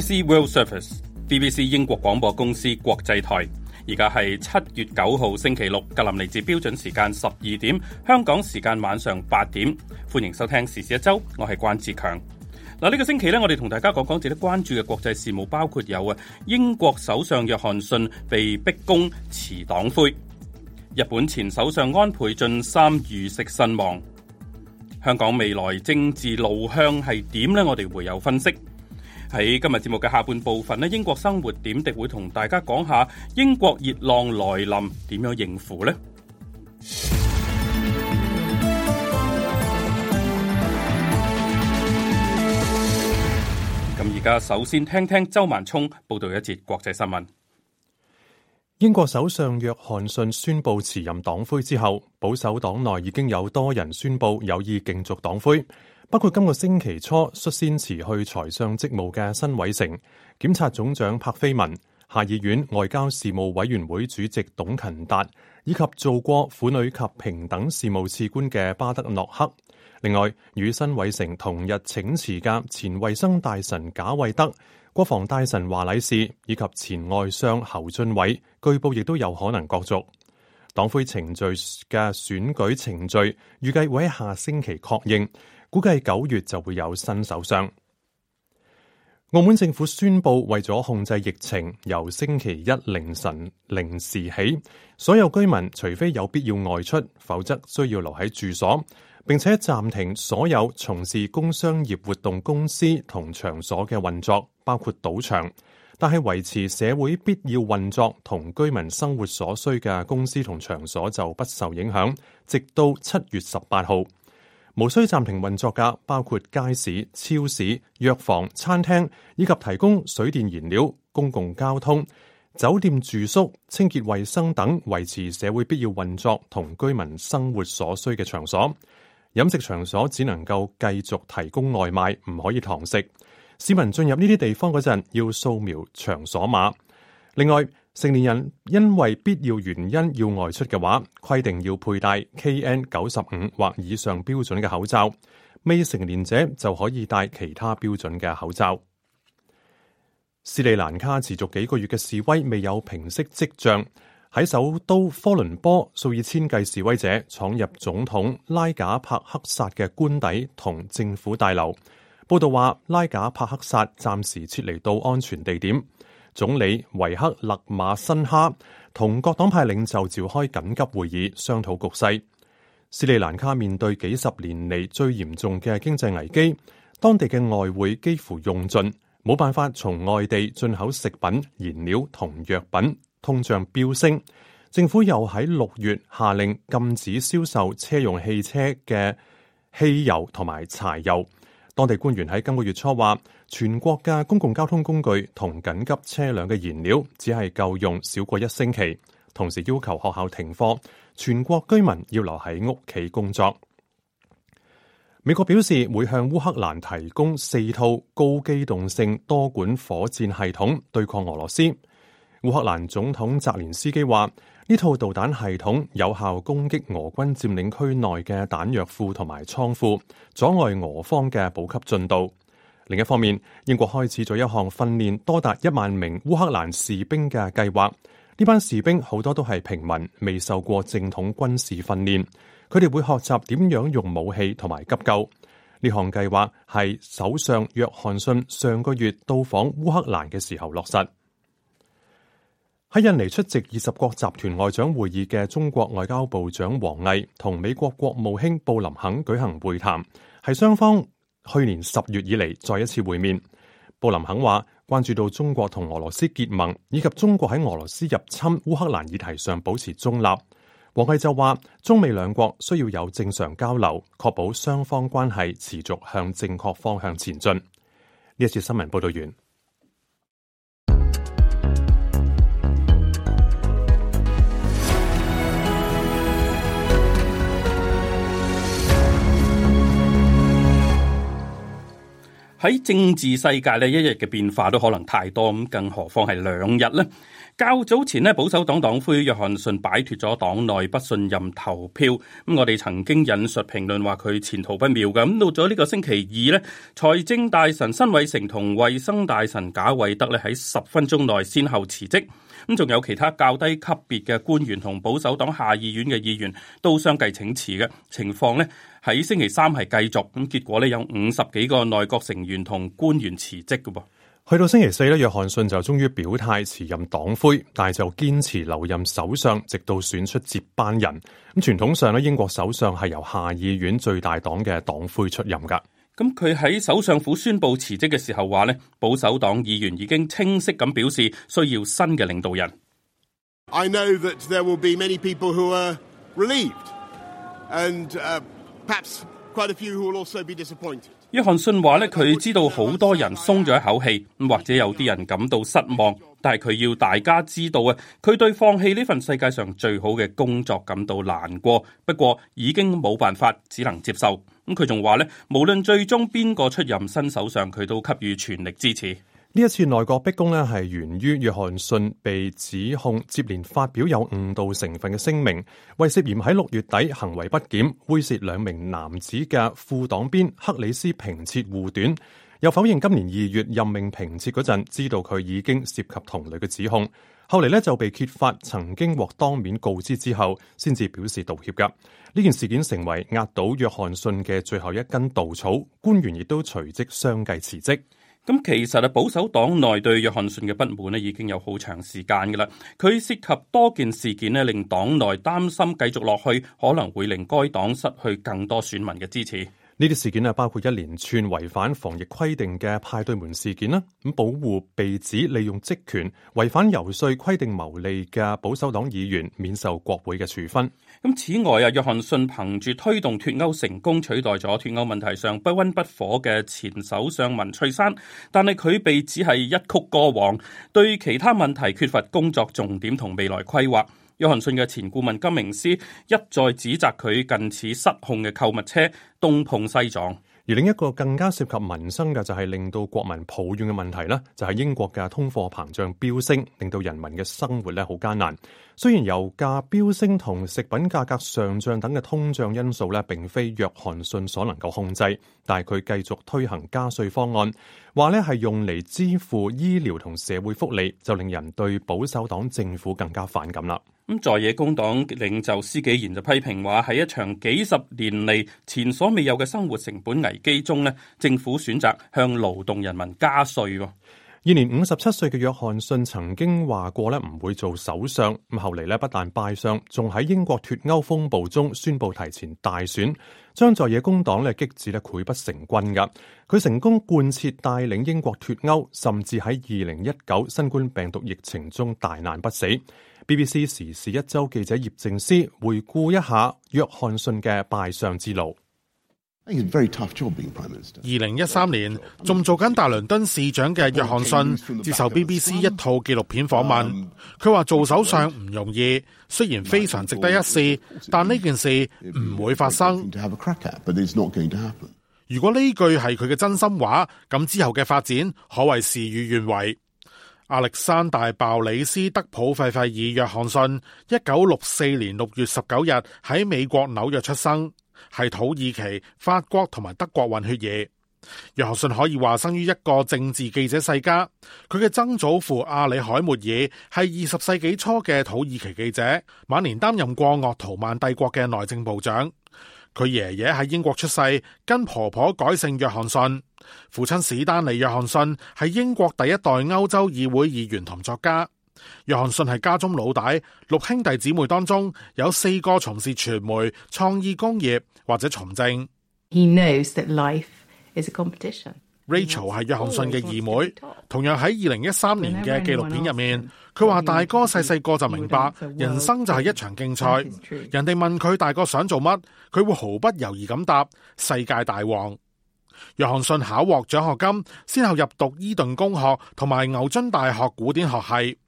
BBC World Service，BBC 英國廣播公司國際台。而家係七月九號星期六，格林尼治標準時間十二點，香港時間晚上八點。歡迎收聽時事一周，我係關志強。嗱，呢個星期咧，我哋同大家講講值得關注嘅國際事務，包括有啊，英國首相約翰遜被逼宮辭黨魁，日本前首相安倍晉三遇刺身亡，香港未來政治路向係點呢？我哋會有分析。喺今日節目嘅下半部分呢，英國生活點滴會同大家講下英國熱浪來臨，點樣應付呢？咁而家首先聽聽周萬聰報道一節國際新聞。英國首相約翰遜宣布辭任黨魁之後，保守黨內已經有多人宣布有意競逐黨魁。包括今個星期初率先辭去財相職務嘅新偉成、檢察總長柏飛文、下議院外交事務委員會主席董勤達，以及做過婦女及平等事務次官嘅巴德諾克。另外，與新偉成同日請辭嘅前衛生大臣賈惠德、國防大臣華禮士以及前外相侯俊偉，據報亦都有可能角逐黨魁程序嘅選舉程序，預計會喺下星期確認。估計九月就會有新首相。澳門政府宣布，為咗控制疫情，由星期一凌晨零時起，所有居民除非有必要外出，否則需要留喺住所，並且暫停所有從事工商業活動公司同場所嘅運作，包括賭場。但係維持社會必要運作同居民生活所需嘅公司同場所就不受影響，直到七月十八號。無需暫停運作嘅包括街市、超市、藥房、餐廳，以及提供水電燃料、公共交通、酒店住宿、清潔衛生等維持社會必要運作同居民生活所需嘅場所。飲食場所只能夠繼續提供外賣，唔可以堂食。市民進入呢啲地方嗰陣要掃描場所碼。另外，成年人因為必要原因要外出嘅話，規定要佩戴 KN 九十五或以上標準嘅口罩；未成年者就可以戴其他標準嘅口罩。斯里蘭卡持續幾個月嘅示威未有平息跡象，喺首都科倫坡，數以千計示威者闖入總統拉賈帕克薩嘅官邸同政府大樓。報道話，拉賈帕克薩暫時撤離到安全地點。總理維克勒馬辛哈同各黨派領袖召開緊急會議，商討局勢。斯里蘭卡面對幾十年嚟最嚴重嘅經濟危機，當地嘅外匯幾乎用盡，冇辦法從外地進口食品、燃料同藥品，通脹飆升。政府又喺六月下令禁止銷售車用汽車嘅汽油同埋柴油。當地官員喺今個月初話，全國嘅公共交通工具同緊急車輛嘅燃料只係夠用少過一星期，同時要求學校停課，全國居民要留喺屋企工作。美國表示會向烏克蘭提供四套高機動性多管火箭系統對抗俄羅斯。烏克蘭總統澤連斯基話：呢套導彈系統有效攻擊俄軍佔領區內嘅彈藥庫同埋倉庫，阻礙俄方嘅補給進度。另一方面，英國開始咗一項訓練多達一萬名烏克蘭士兵嘅計劃。呢班士兵好多都係平民，未受過正統軍事訓練，佢哋會學習點樣用武器同埋急救。呢項計劃係首相約翰遜上個月到訪烏克蘭嘅時候落實。喺印尼出席二十國集團外長會議嘅中國外交部長王毅同美國國務卿布林肯舉行會談，係雙方去年十月以嚟再一次會面。布林肯話關注到中國同俄羅斯結盟，以及中國喺俄羅斯入侵烏克蘭議題上保持中立。王毅就話中美兩國需要有正常交流，確保雙方關係持續向正確方向前進。呢一次新聞報道完。喺政治世界咧，一日嘅變化都可能太多，咁更何況係兩日呢？較早前咧，保守黨黨魁約翰遜擺脱咗黨內不信任投票，咁我哋曾經引述評論話佢前途不妙嘅，咁到咗呢個星期二咧，財政大臣辛偉誠同衞生大臣賈偉德咧喺十分鐘內先後辭職。咁仲有其他較低級別嘅官員同保守黨下議院嘅議員都相繼請辭嘅情況咧，喺星期三係繼續。咁結果咧，有五十幾個內閣成員同官員辭職嘅噃。去到星期四咧，約翰遜就終於表態辭任黨魁，但係就堅持留任首相，直到選出接班人。咁傳統上咧，英國首相係由下議院最大黨嘅黨魁出任噶。咁佢喺首相府宣布辭職嘅時候話呢，保守黨議員已經清晰咁表示需要新嘅領導人。I know that there will be many people who are relieved and, uh, perhaps quite a few who will also be disappointed。約翰遜話呢，佢知道好多人鬆咗一口氣，或者有啲人感到失望，但係佢要大家知道啊，佢對放棄呢份世界上最好嘅工作感到難過，不過已經冇辦法，只能接受。佢仲話咧，無論最終邊個出任新首相，佢都給予全力支持。呢一次內閣逼宮，呢係源於約翰遜被指控接連發表有誤導成分嘅聲明，為涉嫌喺六月底行為不檢，猥褻兩名男子嘅副黨鞭克里斯平切護短，又否認今年二月任命平切嗰陣知道佢已經涉及同類嘅指控。後嚟咧，就被揭發，曾經獲當面告知之後，先至表示道歉噶。呢件事件成為壓倒約翰遜嘅最後一根稻草，官員亦都隨即相繼辭職。咁其實係保守黨內對約翰遜嘅不滿咧，已經有好長時間噶啦。佢涉及多件事件咧，令黨內擔心繼續落去可能會令該黨失去更多選民嘅支持。呢啲事件咧，包括一連串違反防疫規定嘅派對門事件啦，咁保護被指利用職權違反游説規定牟利嘅保守黨議員免受國會嘅處分。咁此外啊，約翰遜憑住推動脱歐成功，取代咗脱歐問題上不溫不火嘅前首相文翠珊，但係佢被指係一曲歌王，對其他問題缺乏工作重點同未來規劃。約翰遜嘅前顧問金明斯一再指責佢近似失控嘅購物車東碰西撞。而另一個更加涉及民生嘅就係令到國民抱怨嘅問題呢，就係英國嘅通貨膨脹飆升，令到人民嘅生活咧好艱難。雖然油價飆升同食品價格上漲等嘅通脹因素呢，並非約翰遜所能夠控制，但係佢繼續推行加稅方案，話呢係用嚟支付醫療同社會福利，就令人對保守黨政府更加反感啦。咁在野工黨領袖施紀賢就批評話，喺一場幾十年嚟前所未有嘅生活成本危機中，政府選擇向勞動人民加稅。現年五十七歲嘅約翰遜曾經話過咧唔會做首相，咁後嚟咧不但拜相，仲喺英國脫歐風暴中宣布提前大選，將在野工黨咧激至咧潰不成軍噶。佢成功貫徹帶領英國脫歐，甚至喺二零一九新冠病毒疫情中大難不死。BBC 時事一周記者葉靜思回顧一下約翰遜嘅拜相之路。二零一三年，仲做緊大倫敦市長嘅約翰遜接受 BBC 一套紀錄片訪問，佢話做首相唔容易，雖然非常值得一試，但呢件事唔會發生。如果呢句係佢嘅真心話，咁之後嘅發展可謂事與願違。亞歷山大·鮑里斯·德普費費爾·約翰遜，一九六四年六月十九日喺美國紐約出生。係土耳其、法國同埋德國混血兒，約翰遜可以話生於一個政治記者世家。佢嘅曾祖父阿里海默爾係二十世紀初嘅土耳其記者，晚年擔任過鄂圖曼帝國嘅內政部長。佢爺爺喺英國出世，跟婆婆改姓約翰遜。父親史丹尼約翰遜係英國第一代歐洲議會議員同作家。約翰遜係家中老大，六兄弟姊妹當中有四個從事傳媒、創意工業或者從政。He knows that life is a competition.Rachel 係約翰遜嘅二妹，同樣喺二零一三年嘅紀錄片入面，佢話大哥細細個就明白人生就係一場競賽。人哋問佢大哥想做乜，佢會毫不猶豫咁答世界大王。約翰遜考獲獎學金，先後入讀伊頓公學同埋牛津大學古典學系。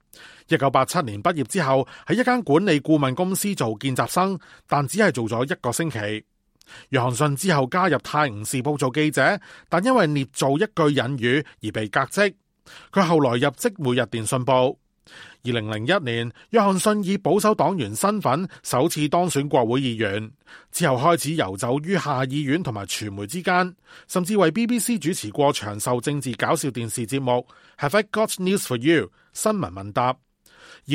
一九八七年畢業之後，喺一間管理顧問公司做見習生，但只係做咗一個星期。約翰遜之後加入泰晤士報做記者，但因為捏造一句引語而被革職。佢後來入職每日電訊報。二零零一年，約翰遜以保守黨員身份首次當選國會議員，之後開始游走於下議院同埋傳媒之間，甚至為 BBC 主持過長壽政治搞笑電視節目《Have I Got News for You》新聞問答。二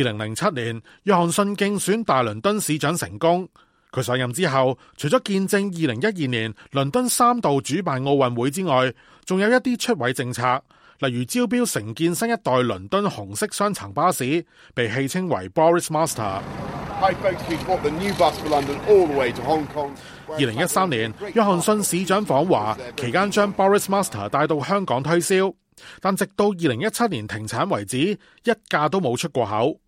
零零七年，約翰遜競選大倫敦市長成功，佢上任之後，除咗見證二零一二年倫敦三度主辦奧運會之外，仲有一啲出位政策。例如招標承建新一代倫敦紅色雙層巴士，被戲稱為 Boris Master。二零一三年，約翰遜市長訪華期間，將 Boris Master 帶到香港推銷，但直到二零一七年停產為止，一架都冇出過口。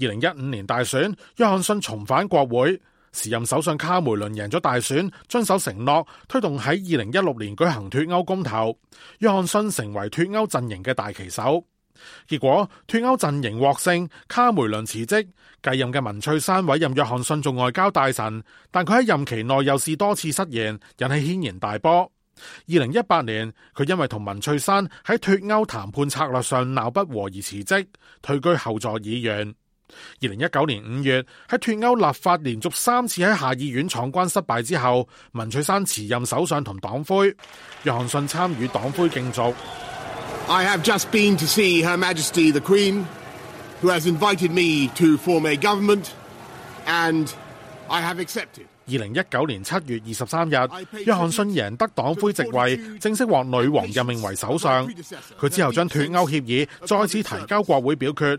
二零一五年大選，約翰遜重返國會。時任首相卡梅倫贏咗大選，遵守承諾推動喺二零一六年舉行脫歐公投。約翰遜成為脫歐陣營嘅大旗手，結果脫歐陣營獲勝，卡梅倫辭職，繼任嘅文翠珊委任約翰遜做外交大臣，但佢喺任期內又是多次失言，引起軒然大波。二零一八年，佢因為同文翠珊喺脫歐談判策略上鬧不和而辭職，退居後座議員。二零一九年五月，喺脫歐立法連續三次喺下議院闖關失敗之後，文翠珊辭任首相同黨魁，約翰遜參與黨魁競逐。I have just been to see Her Majesty the Queen, who has invited me to form a government, and I have accepted。二零一九年七月二十三日，約翰遜贏得黨魁席位，正式獲女王任命為首相。佢之後將脫歐協議再次提交國會表決。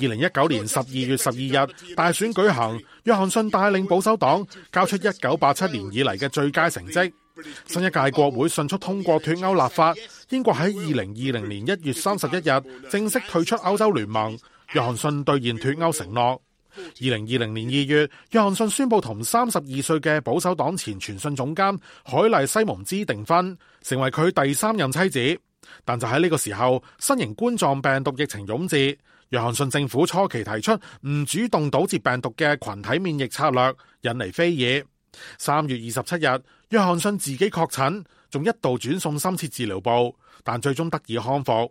二零一九年十二月十二日大選舉行，約翰遜帶領保守黨交出一九八七年以嚟嘅最佳成績。新一屆國會迅速通過脫歐立法，英國喺二零二零年一月三十一日正式退出歐洲聯盟。約翰遜兌現脫歐承諾。二零二零年二月，約翰遜宣布同三十二歲嘅保守黨前傳訊總監凱莉西蒙茲訂婚，成為佢第三任妻子。但就喺呢個時候，新型冠狀病毒疫情湧至。約翰遜政府初期提出唔主動堵截病毒嘅群體免疫策略，引嚟非議。三月二十七日，約翰遜自己確診，仲一度轉送深切治療部，但最終得以康復。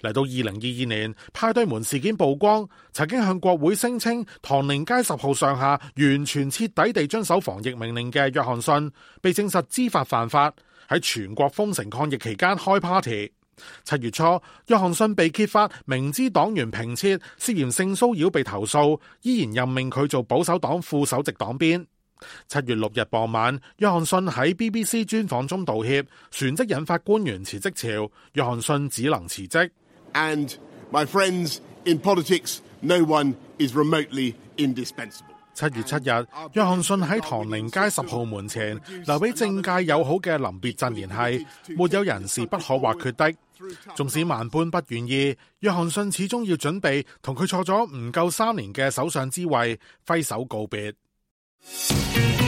嚟到二零二二年，派對門事件曝光，曾經向國會聲稱唐寧街十號上下完全徹底地遵守防疫命令嘅約翰遜，被證實知法犯法，喺全國封城抗疫期間開 party。七月初，約翰遜被揭發明知黨員平切涉嫌性騷擾被投訴，依然任命佢做保守黨副首席黨鞭。七月六日傍晚，約翰遜喺 BBC 專訪中道歉，旋即引發官員辭職潮，約翰遜只能辭職。And my friends in politics, no one is remotely indispensable. 七月七日，約翰遜喺唐寧街十號門前留俾政界友好嘅臨別贈言，係沒有人是不可或缺的。縱使萬般不願意，約翰遜始終要準備同佢坐咗唔夠三年嘅首相之位揮手告別。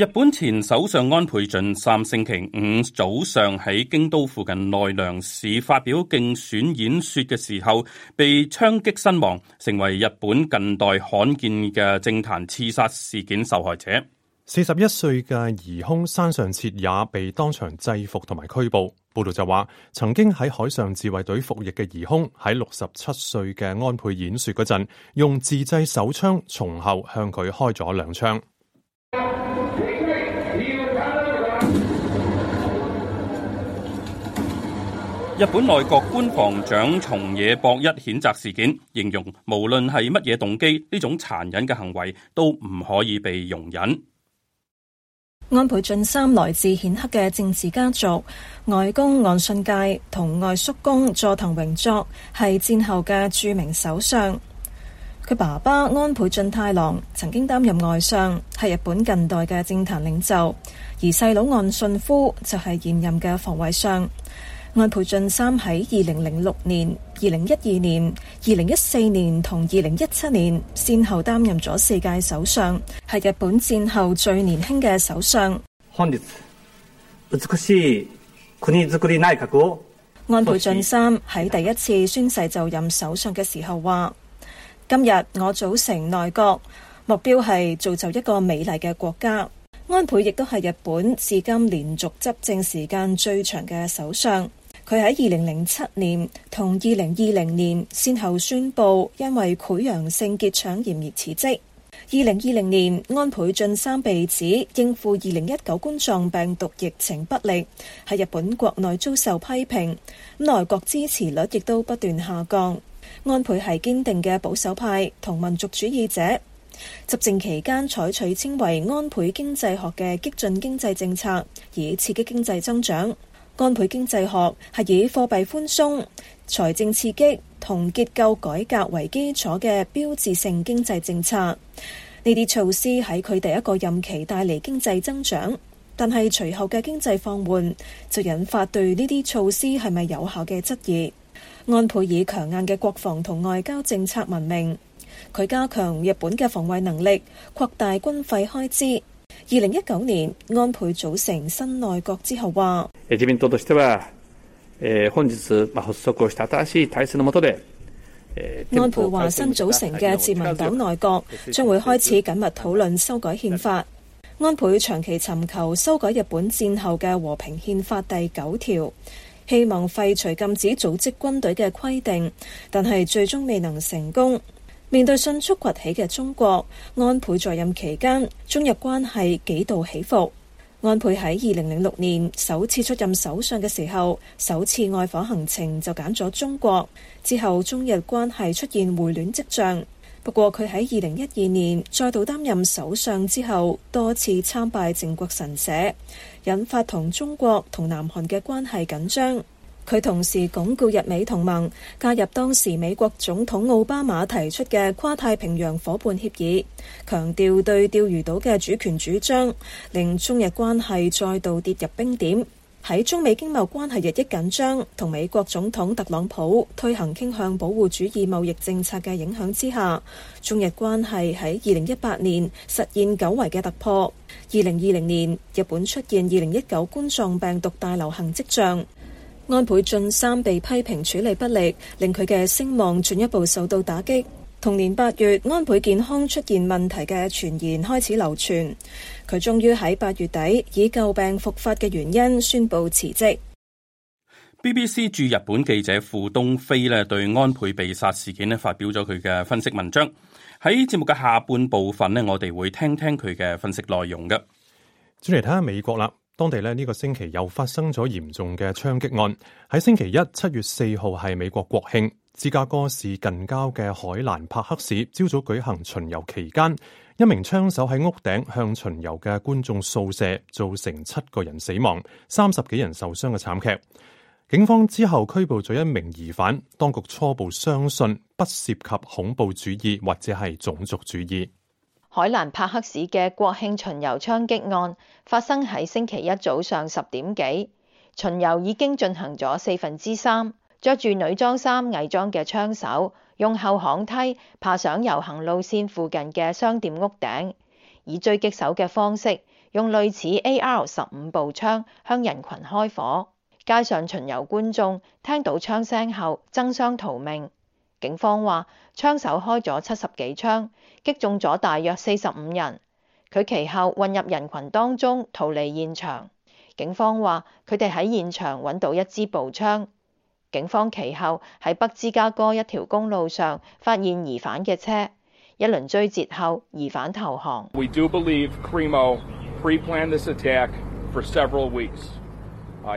日本前首相安倍晉三星期五早上喺京都附近奈良市發表競選演說嘅時候，被槍擊身亡，成為日本近代罕見嘅政壇刺殺事件受害者。四十一歲嘅疑兇山上徹也被當場制服同埋拘捕。報道就話，曾經喺海上自衛隊服役嘅疑兇喺六十七歲嘅安倍演說嗰陣，用自製手槍從後向佢開咗兩槍。日本內閣官房長松野博一譴責事件，形容無論係乜嘢動機，呢種殘忍嘅行為都唔可以被容忍。安倍晉三來自顯赫嘅政治家族，外公岸信介同外叔公佐藤榮作係戰後嘅著名首相。佢爸爸安倍晉太郎曾經擔任外相，係日本近代嘅政壇領袖，而細佬岸信夫就係現任嘅防衛相。安倍晉三喺二零零六年、二零一二年、二零一四年同二零一七年先後擔任咗四屆首相，係日本戰後最年輕嘅首相。安倍晉三喺第一次宣誓就任首相嘅時候話：「今日我組成內閣，目標係造就一個美麗嘅國家。」安倍亦都係日本至今連續執政時間最長嘅首相。佢喺二零零七年同二零二零年先後宣布因為潰瘍性結腸炎而辭職。二零二零年，安倍晉三被指應付二零一九冠狀病毒疫情不力，喺日本國內遭受批評，內閣支持率亦都不斷下降。安倍係堅定嘅保守派同民族主義者，執政期間採取稱為安倍經濟學嘅激進經濟政策，以刺激經濟增長。安倍經濟學係以貨幣寬鬆、財政刺激同結構改革為基礎嘅標誌性經濟政策。呢啲措施喺佢第一個任期帶嚟經濟增長，但係隨後嘅經濟放緩就引發對呢啲措施係咪有效嘅質疑。安倍以強硬嘅國防同外交政策聞名，佢加強日本嘅防衛能力，擴大軍費開支。二零一九年，安倍組成新內閣之後話：安倍話：新組成嘅自民黨內閣將會開始緊密討論修改憲法。安倍長期尋求修改日本戰後嘅和平憲法第九條，希望廢除禁止組織軍隊嘅規定，但係最終未能成功。面對迅速崛起嘅中國，安倍在任期間，中日關係幾度起伏。安倍喺二零零六年首次出任首相嘅時候，首次外訪行程就揀咗中國。之後，中日關係出現回暖跡象。不過，佢喺二零一二年再度擔任首相之後，多次參拜靖國神社，引發同中國同南韓嘅關係緊張。佢同時鞏固日美同盟，加入當時美國總統奧巴馬提出嘅跨太平洋伙伴協議，強調對釣魚島嘅主權主張，令中日關係再度跌入冰點。喺中美經貿關係日益緊張，同美國總統特朗普推行傾向保護主義貿易政策嘅影響之下，中日關係喺二零一八年實現久違嘅突破。二零二零年，日本出現二零一九冠狀病毒大流行跡象。安倍晉三被批評處理不力，令佢嘅聲望進一步受到打擊。同年八月，安倍健康出現問題嘅傳言開始流傳，佢終於喺八月底以舊病復發嘅原因宣布辭職。BBC 駐日本記者傅東飛咧對安倍被殺事件咧發表咗佢嘅分析文章。喺節目嘅下半部分咧，我哋會聽聽佢嘅分析內容嘅。轉嚟睇下美國啦。當地咧呢個星期又發生咗嚴重嘅槍擊案。喺星期一七月四號係美國國慶，芝加哥市近郊嘅海蘭帕克市，朝早舉行巡遊期間，一名槍手喺屋頂向巡遊嘅觀眾掃射，造成七個人死亡、三十幾人受傷嘅慘劇。警方之後拘捕咗一名疑犯，當局初步相信不涉及恐怖主義或者係種族主義。海蘭帕克市嘅國慶巡遊槍擊案發生喺星期一早上十點幾，巡遊已經進行咗四分之三，着住女裝衫偽裝嘅槍手用後巷梯爬上遊行路線附近嘅商店屋頂，以狙擊手嘅方式用類似 AR 十五步槍向人群開火，街上巡遊觀眾聽到槍聲後爭相逃命。警方話，槍手開咗七十幾槍，擊中咗大約四十五人。佢其後混入人群當中逃離現場。警方話，佢哋喺現場揾到一支步槍。警方其後喺北芝加哥一條公路上發現疑犯嘅車，一輪追截後，疑犯投降。We do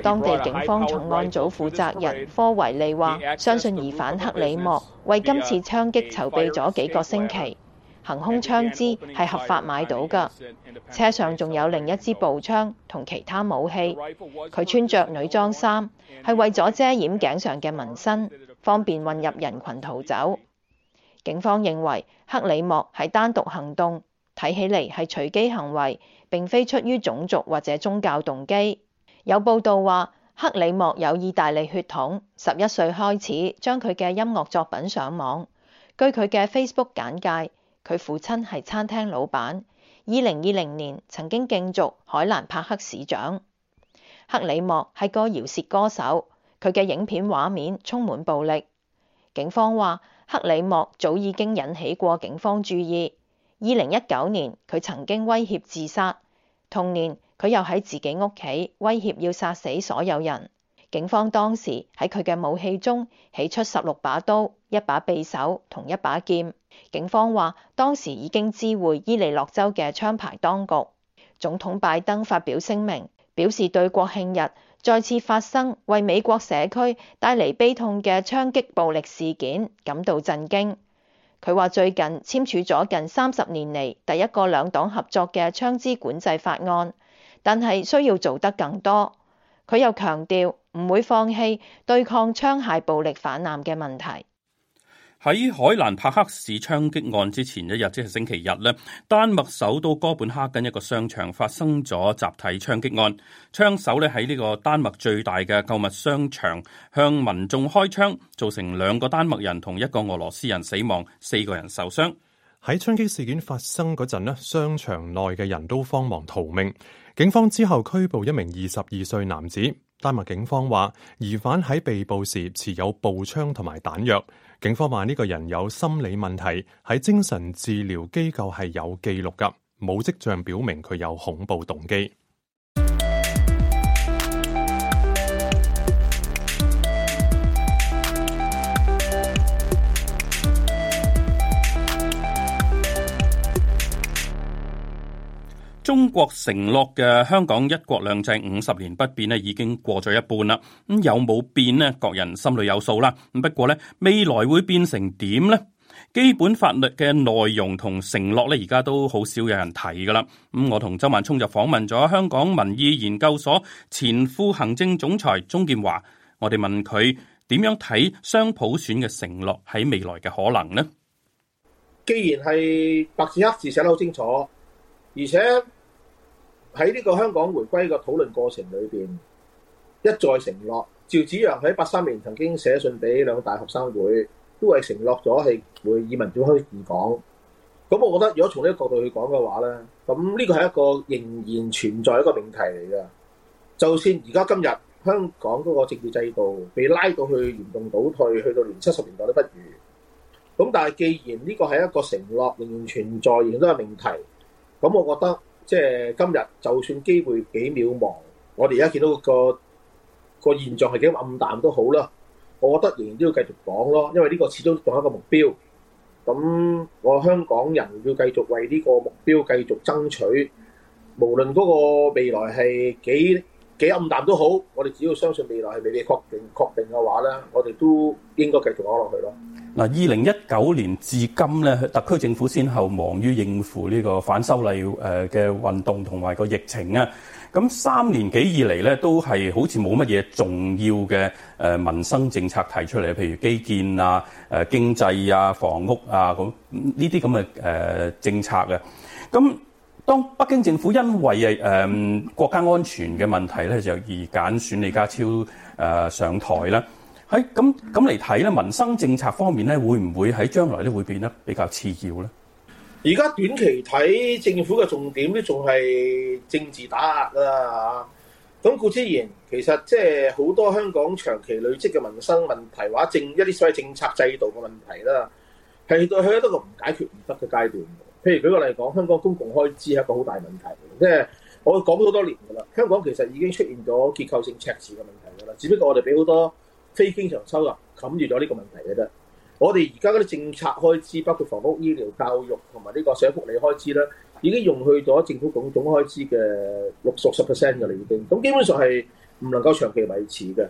當地警方重案組負責人科維利話，相信疑犯克里莫為今次槍擊籌備咗幾個星期，行兇槍支係合法買到㗎，車上仲有另一支步槍同其他武器。佢穿着女裝衫，係為咗遮掩頸上嘅紋身，方便混入人群逃走。警方認為克里莫係單獨行動，睇起嚟係隨機行為，並非出於種族或者宗教動機。有報道話，克里莫有意大利血統，十一歲開始將佢嘅音樂作品上網。據佢嘅 Facebook 簡介，佢父親係餐廳老闆。二零二零年曾經競逐海蘭帕克市長。克里莫係個饒舌歌手，佢嘅影片畫面充滿暴力。警方話，克里莫早已經引起過警方注意。二零一九年，佢曾經威脅自殺。同年，佢又喺自己屋企威脅要殺死所有人。警方當時喺佢嘅武器中起出十六把刀、一把匕首同一把劍。警方話，當時已經知會伊利諾州嘅槍牌當局。總統拜登發表聲明，表示對國慶日再次發生為美國社區帶嚟悲痛嘅槍擊暴力事件感到震驚。佢話最近簽署咗近三十年嚟第一個兩黨合作嘅槍支管制法案，但係需要做得更多。佢又強調唔會放棄對抗槍械暴力泛濫嘅問題。喺海蘭帕克市槍擊案之前一日，即係星期日咧，丹麥首都哥本哈根一個商場發生咗集體槍擊案，槍手咧喺呢個丹麥最大嘅購物商場向民眾開槍，造成兩個丹麥人同一個俄羅斯人死亡，四個人受傷。喺槍擊事件發生嗰陣咧，商場內嘅人都慌忙逃命。警方之後拘捕一名二十二歲男子，丹麥警方話疑犯喺被捕時持有步槍同埋彈藥。警方話呢個人有心理問題，喺精神治療機構係有記錄㗎，冇跡象表明佢有恐怖動機。中國承諾嘅香港一國兩制五十年不變咧，已經過咗一半啦。咁、嗯、有冇變咧？各人心裏有數啦。咁不過呢，未來會變成點呢？基本法律嘅內容同承諾呢，而家都好少有人提噶啦。咁、嗯、我同周萬聰就訪問咗香港民意研究所前副行政總裁鍾建華。我哋問佢點樣睇雙普選嘅承諾喺未來嘅可能呢？既然係白紙黑字寫得好清楚。而且喺呢個香港回歸嘅討論過程裏邊，一再承諾，趙紫陽喺八三年曾經寫信俾兩個大學生會，都係承諾咗係會以民主開始治港。咁我覺得，如果從呢個角度去講嘅話咧，咁呢個係一個仍然存在一個命題嚟嘅。就算而家今日香港嗰個政治制度被拉到去嚴重倒退，去到連七十年代都不如，咁但係既然呢個係一個承諾，仍然存在，仍然都係命題。咁我覺得，即係今日就算機會幾渺茫，我哋而家見到個個現狀係幾暗淡都好啦。我覺得仍然都要繼續講咯，因為呢個始終仲有一個目標。咁我香港人要繼續為呢個目標繼續爭取，無論嗰個未來係幾幾暗淡都好，我哋只要相信未來係未必確定，確定嘅話咧，我哋都應該繼續講落去咯。嗱，二零一九年至今咧，特區政府先後忙於應付呢個反修例誒嘅運動同埋個疫情啊，咁三年幾以嚟咧，都係好似冇乜嘢重要嘅誒民生政策提出嚟，譬如基建啊、誒經濟啊、房屋啊咁呢啲咁嘅誒政策嘅，咁。當北京政府因為誒誒、呃、國家安全嘅問題咧，就而揀選李家超誒、呃、上台啦。喺咁咁嚟睇咧，民生政策方面咧，會唔會喺將來咧會變得比較次要咧？而家短期睇政府嘅重點咧，仲係政治打壓啦嚇。咁故之言，其實即係好多香港長期累積嘅民生問題，或者政一啲所謂政策制度嘅問題啦，係去到一個唔解決唔得嘅階段。譬如舉個例講，香港公共開支係一個好大問題，即係我講咗好多年㗎啦。香港其實已經出現咗結構性赤字嘅問題㗎啦，只不過我哋俾好多非經常收入冚住咗呢個問題嘅啫。我哋而家嗰啲政策開支，包括房屋、醫療、教育同埋呢個社福利開支啦，已經用去咗政府總總開支嘅六十 percent 㗎啦，已經咁基本上係唔能夠長期維持嘅。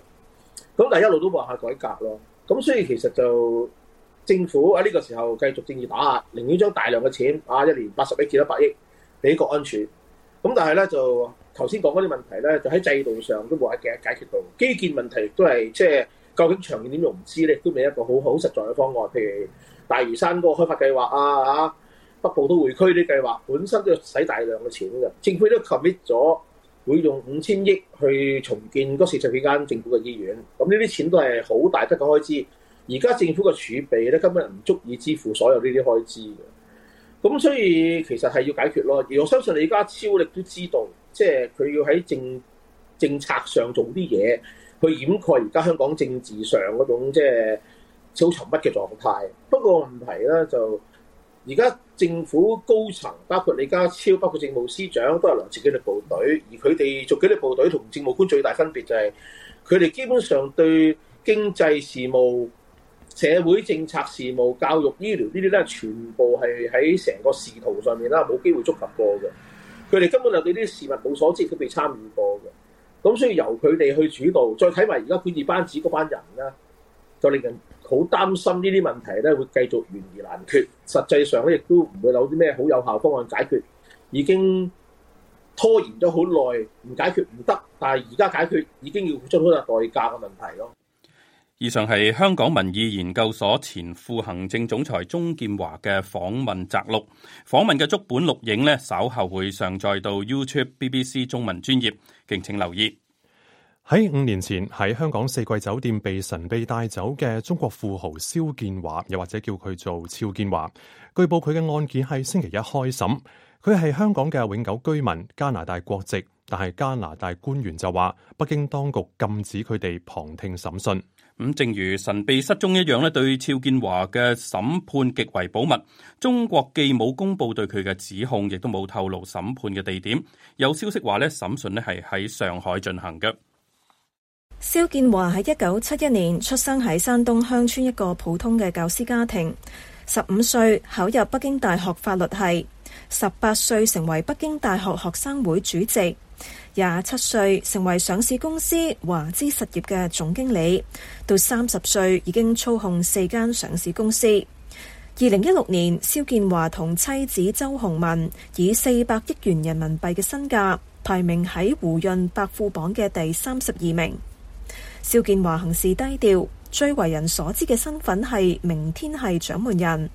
咁但係一路都話下改革咯，咁所以其實就～政府喺呢個時候繼續政治打壓，寧願將大量嘅錢啊，一年八十億至一百億俾國安處。咁但係咧就頭先講嗰啲問題咧，就喺制度上都冇喺幾解決到基建問題都，都係即係究竟長遠點用唔知咧，都未一個好好實在嘅方案。譬如大嶼山嗰個開發計劃啊，啊北部都會區啲計劃本身都使大量嘅錢嘅，政府都 commit 咗會用五千億去重建嗰四十幾間政府嘅醫院。咁呢啲錢都係好大筆嘅開支。而家政府嘅儲備咧根本唔足以支付所有呢啲開支嘅，咁所以其實係要解決咯。而我相信李家超力都知道，即係佢要喺政政策上做啲嘢，去掩蓋而家香港政治上嗰種即係好沉鬱嘅狀態。不過問題咧就，而家政府高層包括李家超，包括政務司長都係來自紀律部隊，而佢哋做紀律部隊同政務官最大分別就係，佢哋基本上對經濟事務。社會政策事務、教育、醫療呢啲咧，全部係喺成個仕途上面啦，冇機會觸及過嘅。佢哋根本就對呢啲事物冇所知，都未參與過嘅。咁所以由佢哋去主導，再睇埋而家管治班子嗰班人咧，就令人好擔心呢啲問題咧會繼續懸而難決。實際上咧亦都唔會有啲咩好有效方案解決，已經拖延咗好耐，唔解決唔得，但係而家解決已經要付出好大代價嘅問題咯。以上係香港民意研究所前副行政總裁鍾建華嘅訪問摘錄。訪問嘅足本錄影呢，稍後會上載到 YouTube BBC 中文專頁，敬請留意。喺五年前喺香港四季酒店被神秘帶走嘅中國富豪蕭建華，又或者叫佢做肖建華，據報佢嘅案件係星期一開審。佢係香港嘅永久居民，加拿大國籍，但係加拿大官員就話北京當局禁止佢哋旁聽審訊。咁正如神秘失蹤一樣咧，對肖建華嘅審判極為保密。中國既冇公布對佢嘅指控，亦都冇透露審判嘅地點。有消息話咧，審訊咧係喺上海進行嘅。肖建華喺一九七一年出生喺山東鄉村一個普通嘅教師家庭，十五歲考入北京大學法律系，十八歲成為北京大學學生會主席。廿七歲成為上市公司華資實業嘅總經理，到三十歲已經操控四間上市公司。二零一六年，肖建華同妻子周鴻文以四百億元人民幣嘅身價，排名喺胡潤百富榜嘅第三十二名。肖建華行事低調，最為人所知嘅身份係明天係掌門人。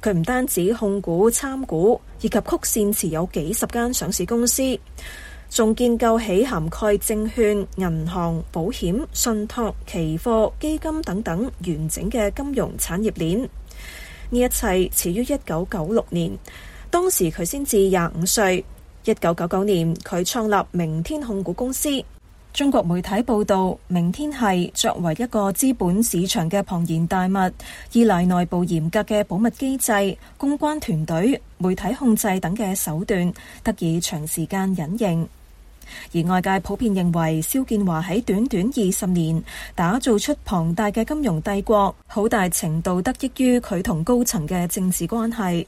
佢唔單止控股參股，以及曲線持有幾十間上市公司。仲建構起涵蓋證券、銀行、保險、信托、期貨、基金等等完整嘅金融產業鏈。呢一切始於一九九六年，當時佢先至廿五歲。一九九九年，佢創立明天控股公司。中國媒體報導，明天係作為一個資本市場嘅龐然大物，依賴內部嚴格嘅保密機制、公關團隊、媒體控制等嘅手段，得以長時間隱形。而外界普遍認為，肖建華喺短短二十年打造出龐大嘅金融帝國，好大程度得益於佢同高層嘅政治關係。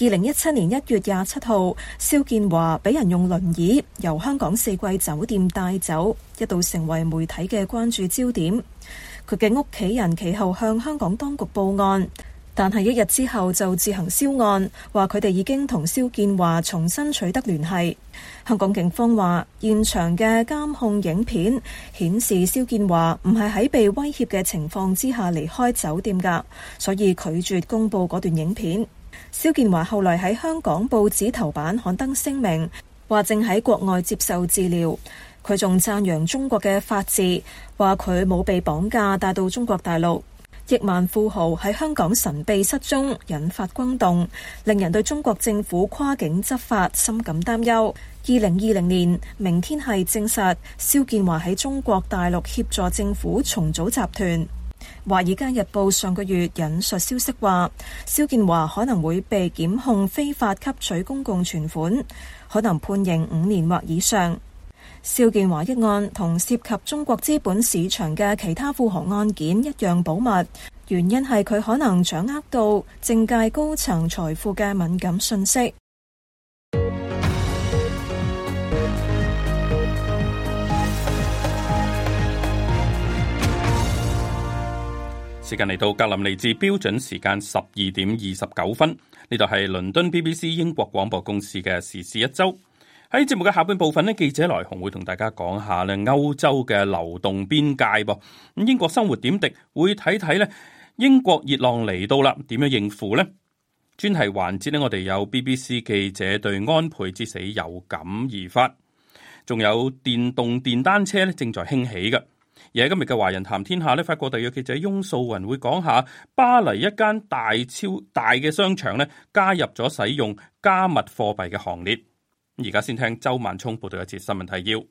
二零一七年一月廿七號，肖建華俾人用輪椅由香港四季酒店帶走，一度成為媒體嘅關注焦點。佢嘅屋企人其後向香港當局報案。但係一日之後就自行銷案，話佢哋已經同蕭建華重新取得聯繫。香港警方話，現場嘅監控影片顯示蕭建華唔係喺被威脅嘅情況之下離開酒店㗎，所以拒絕公佈嗰段影片。蕭建華後來喺香港報紙頭版刊登聲明，話正喺國外接受治療。佢仲讚揚中國嘅法治，話佢冇被綁架帶到中國大陸。億萬富豪喺香港神秘失蹤，引發轟動，令人對中國政府跨境執法深感擔憂。二零二零年，明天係證實，肖建華喺中國大陸協助政府重組集團。華爾街日報上個月引述消息話，肖建華可能會被檢控非法吸取公共存款，可能判刑五年或以上。肖建華一案同涉及中國資本市場嘅其他富豪案件一樣，保密，原因係佢可能掌握到政界高層財富嘅敏感信息。時間嚟到格林尼治標準時間十二點二十九分，呢度係倫敦 BBC 英國廣播公司嘅時事一周。喺節目嘅下半部分呢，記者來鴻會同大家講下咧歐洲嘅流動邊界噃。咁英國生活點滴會睇睇咧，英國熱浪嚟到啦，點樣應付呢？專題環節呢，我哋有 BBC 記者對安倍之死有感而發，仲有電動電單車咧正在興起嘅。而喺今日嘅華人談天下咧，法國第二記者翁素雲會講下，巴黎一間大超大嘅商場咧加入咗使用加密貨幣嘅行列。而家先聽周萬聰報道一節新聞提要。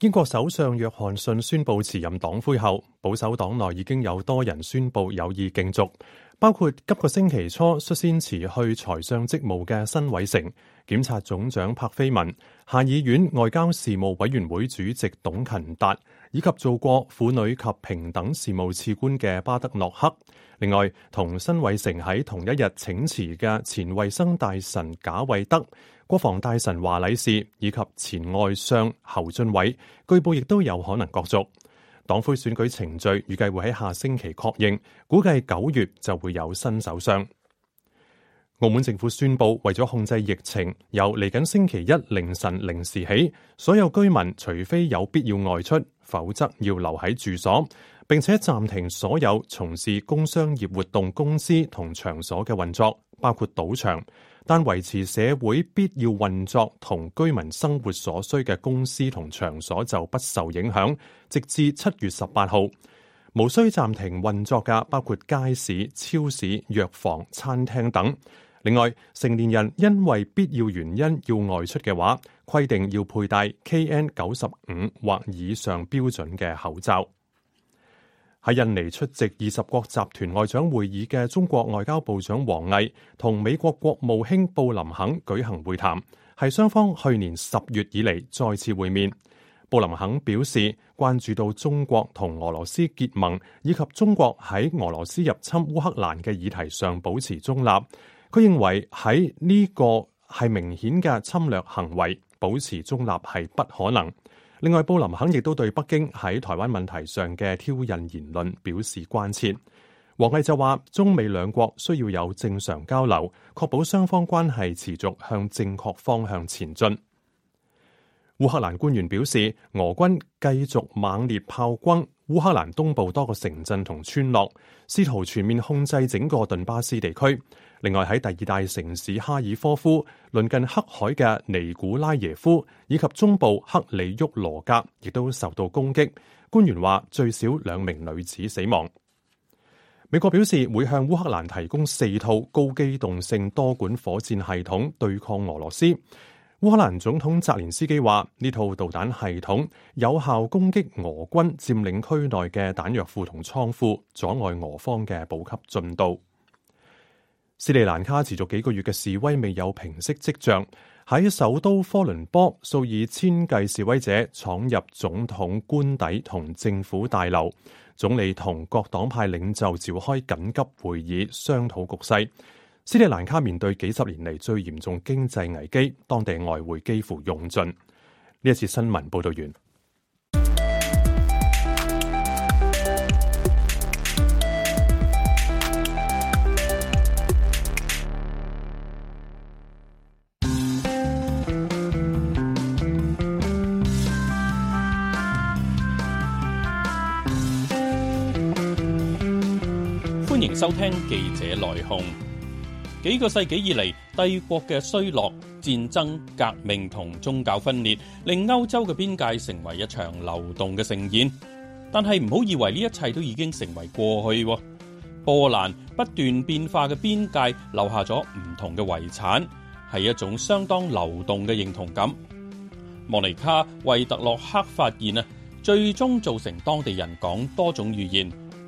英國首相約翰遜宣布辭任黨魁後，保守黨內已經有多人宣布有意競逐，包括今個星期初率先辭去財相職務嘅辛偉誠、檢察總長柏飛文、下議院外交事務委員會主席董勤達，以及做過婦女及平等事務次官嘅巴德諾克。另外，同辛偉誠喺同一日請辭嘅前衛生大臣賈維德。國防大臣華禮士以及前外相侯俊偉，據報亦都有可能角逐。黨魁選舉程序，預計會喺下星期確認，估計九月就會有新首相。澳門政府宣布，為咗控制疫情，由嚟緊星期一凌晨零時起，所有居民除非有必要外出，否則要留喺住所，並且暫停所有從事工商業活動公司同場所嘅運作，包括賭場。但維持社會必要運作同居民生活所需嘅公司同場所就不受影響，直至七月十八號，無需暫停運作嘅包括街市、超市、藥房、餐廳等。另外，成年人因為必要原因要外出嘅話，規定要佩戴 KN 九十五或以上標準嘅口罩。喺印尼出席二十國集團外長會議嘅中國外交部長王毅，同美國國務卿布林肯舉行會談，係雙方去年十月以嚟再次會面。布林肯表示，關注到中國同俄羅斯結盟，以及中國喺俄羅斯入侵烏克蘭嘅議題上保持中立。佢認為喺呢個係明顯嘅侵略行為，保持中立係不可能。另外，布林肯亦都對北京喺台灣問題上嘅挑釁言論表示關切。王毅就話，中美兩國需要有正常交流，確保雙方關係持續向正確方向前進。烏克蘭官員表示，俄軍繼續猛烈炮轟烏克蘭東部多個城鎮同村落，試圖全面控制整個頓巴斯地區。另外，喺第二大城市哈爾科夫、鄰近黑海嘅尼古拉耶夫以及中部克里沃羅格，亦都受到攻擊。官員話最少兩名女子死亡。美國表示會向烏克蘭提供四套高機動性多管火箭系統，對抗俄羅斯。烏克蘭總統澤連斯基話呢套導彈系統有效攻擊俄軍佔領區內嘅彈藥庫同倉庫，阻礙俄方嘅補給進度。斯里蘭卡持續幾個月嘅示威未有平息跡象，喺首都科倫坡，數以千計示威者闖入總統官邸同政府大樓，總理同各黨派領袖召開緊急會議，商討局勢。斯里蘭卡面對幾十年嚟最嚴重經濟危機，當地外匯幾乎用盡。呢一次新聞報道完。聽記者來鴻，幾個世紀以嚟，帝國嘅衰落、戰爭、革命同宗教分裂，令歐洲嘅邊界成為一場流動嘅盛宴。但係唔好以為呢一切都已經成為過去，波蘭不斷變化嘅邊界留下咗唔同嘅遺產，係一種相當流動嘅認同感。莫尼卡維特洛克發現啊，最終造成當地人講多種語言。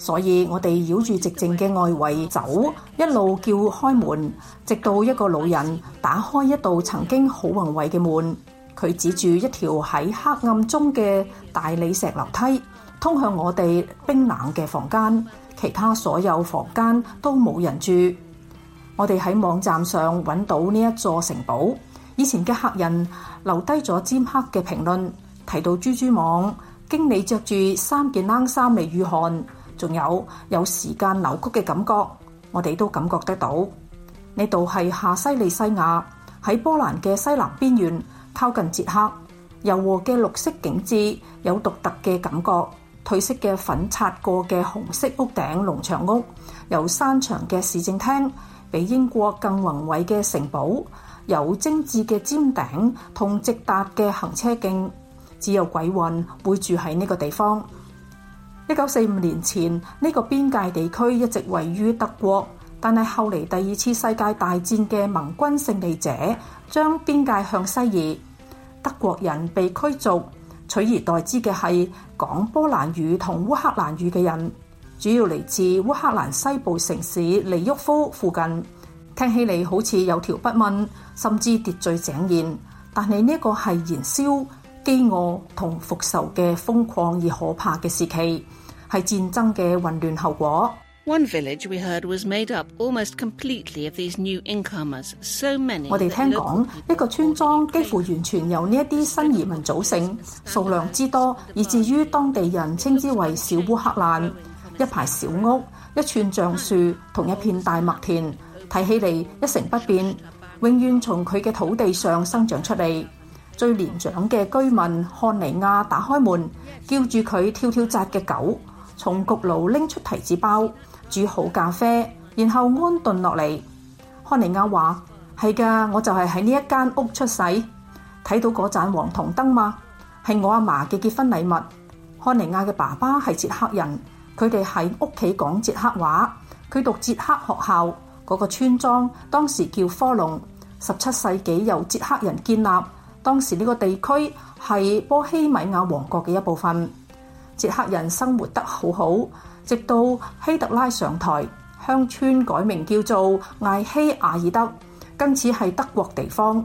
所以我哋繞住寂靜嘅外圍走，一路叫開門，直到一個老人打開一道曾經好宏偉嘅門。佢指住一條喺黑暗中嘅大理石樓梯，通向我哋冰冷嘅房間。其他所有房間都冇人住。我哋喺網站上揾到呢一座城堡，以前嘅客人留低咗尖刻嘅評論，提到蜘蛛網。經理着住三件冷衫嚟御寒。仲有有時間扭曲嘅感覺，我哋都感覺得到。呢度係下西里西亞喺波蘭嘅西南邊緣，靠近捷克，柔和嘅綠色景緻，有獨特嘅感覺。褪色嘅粉刷過嘅紅色屋頂農場屋，有山牆嘅市政廳，比英國更宏偉嘅城堡，有精緻嘅尖頂同直達嘅行車徑，只有鬼魂會住喺呢個地方。一九四五年前，呢個邊界地區一直位於德國，但係後嚟第二次世界大戰嘅盟軍勝利者將邊界向西移，德國人被驅逐，取而代之嘅係講波蘭語同烏克蘭語嘅人，主要嚟自烏克蘭西部城市利沃夫附近。聽起嚟好似有條不紊，甚至秩序井然，但係呢個係燃燒、飢餓同復仇嘅瘋狂而可怕嘅時期。係戰爭嘅混亂後果。我哋聽講一個村莊幾乎完全由呢一啲新移民組成，數量之多，以至於當地人稱之為小烏克蘭。一排小屋，一串橡樹，同一片大麥田，睇起嚟一成不變，永遠從佢嘅土地上生長出嚟。最年長嘅居民漢尼亞打開門，叫住佢跳跳紮嘅狗。從焗爐拎出提子包，煮好咖啡，然後安頓落嚟。漢尼亞話：係㗎，我就係喺呢一間屋出世。睇到嗰盞黃銅燈嗎？係我阿嫲嘅結婚禮物。漢尼亞嘅爸爸係捷克人，佢哋喺屋企講捷克話。佢讀捷克學校，嗰個村莊當時叫科隆，十七世紀由捷克人建立。當時呢個地區係波希米亞王國嘅一部分。捷克人生活得好好，直到希特拉上台，鄉村改名叫做艾希瓦爾德，因此係德國地方。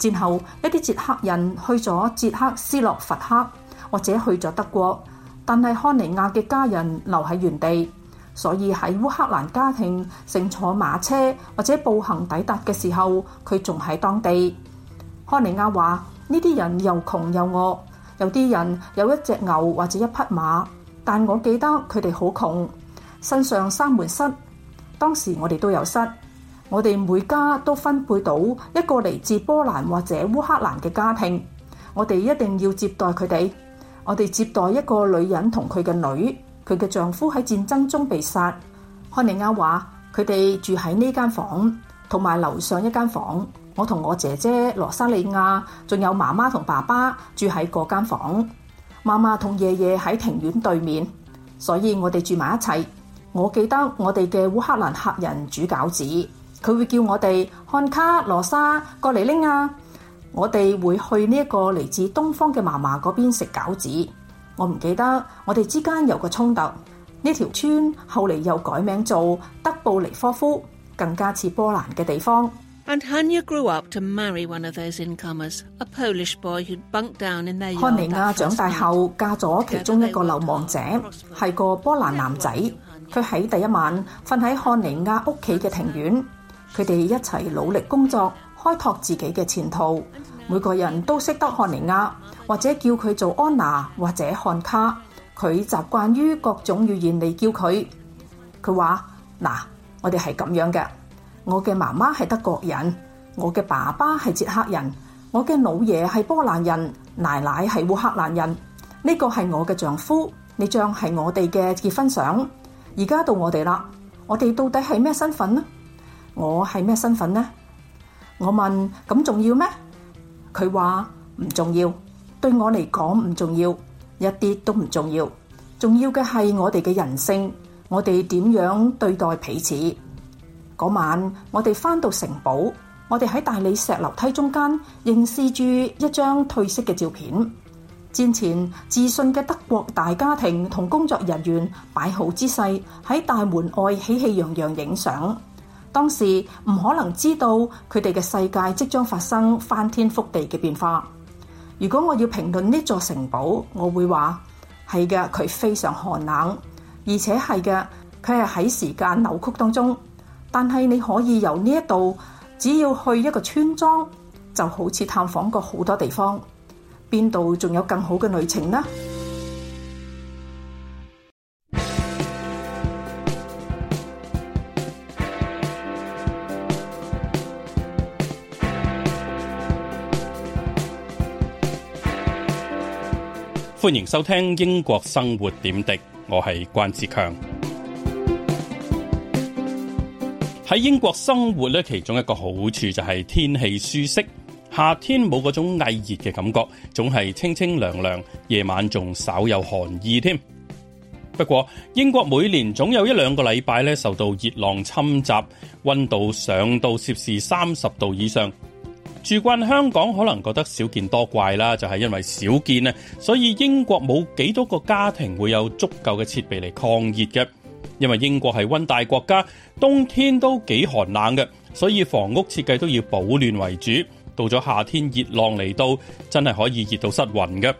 戰後一啲捷克人去咗捷克斯洛伐克或者去咗德國，但係康尼亞嘅家人留喺原地，所以喺烏克蘭家庭乘坐馬車或者步行抵達嘅時候，佢仲喺當地。康尼亞話：呢啲人又窮又餓。有啲人有一隻牛或者一匹馬，但我記得佢哋好窮，身上三門室。當時我哋都有室，我哋每家都分配到一個嚟自波蘭或者烏克蘭嘅家庭，我哋一定要接待佢哋。我哋接待一個女人同佢嘅女，佢嘅丈夫喺戰爭中被殺。康尼亞話佢哋住喺呢間房間，同埋樓上一間房間。我同我姐姐羅莎莉亞，仲有媽媽同爸爸住喺嗰間房。媽媽同爺爺喺庭院對面，所以我哋住埋一齊。我記得我哋嘅烏克蘭客人煮餃子，佢會叫我哋漢卡、羅莎過嚟拎啊。我哋會去呢一個嚟自東方嘅媽媽嗰邊食餃子。我唔記得我哋之間有個衝突。呢條村後嚟又改名做德布尼科夫，更加似波蘭嘅地方。漢尼亞長大後嫁咗其中一個流亡者，係個波蘭男仔。佢喺第一晚瞓喺漢尼亞屋企嘅庭院，佢哋一齊努力工作，開拓自己嘅前途。每個人都識得漢尼亞，或者叫佢做安娜或者漢卡。佢習慣於各種語言嚟叫佢。佢話：嗱、ah，我哋係咁樣嘅。我嘅媽媽係德國人，我嘅爸爸係捷克人，我嘅老爺係波蘭人，奶奶係烏克蘭人。呢個係我嘅丈夫。呢張係我哋嘅結婚相。而家到我哋啦，我哋到底係咩身份呢？我係咩身份呢？我問，咁重要咩？佢話唔重要，對我嚟講唔重要，一啲都唔重要。重要嘅係我哋嘅人性，我哋點樣對待彼此。嗰晚我哋翻到城堡，我哋喺大理石樓梯中間凝視住一張褪色嘅照片。戰前自信嘅德國大家庭同工作人員擺好姿勢喺大門外喜氣洋洋影相，當時唔可能知道佢哋嘅世界即將發生翻天覆地嘅變化。如果我要評論呢座城堡，我會話係嘅，佢非常寒冷，而且係嘅，佢係喺時間扭曲當中。但係你可以由呢一度，只要去一個村莊，就好似探訪過好多地方。邊度仲有更好嘅旅程呢？歡迎收聽《英國生活點滴》，我係關志強。喺英國生活咧，其中一個好處就係天氣舒適，夏天冇嗰種翳熱嘅感覺，總係清清涼涼，夜晚仲稍有寒意添。不過英國每年總有一兩個禮拜咧，受到熱浪侵襲，溫度上到攝氏三十度以上。住慣香港可能覺得少見多怪啦，就係、是、因為少見啊，所以英國冇幾多個家庭會有足夠嘅設備嚟抗熱嘅。因為英國係溫帶國家，冬天都幾寒冷嘅，所以房屋設計都要保暖為主。到咗夏天熱浪嚟到真係可以熱到失魂嘅。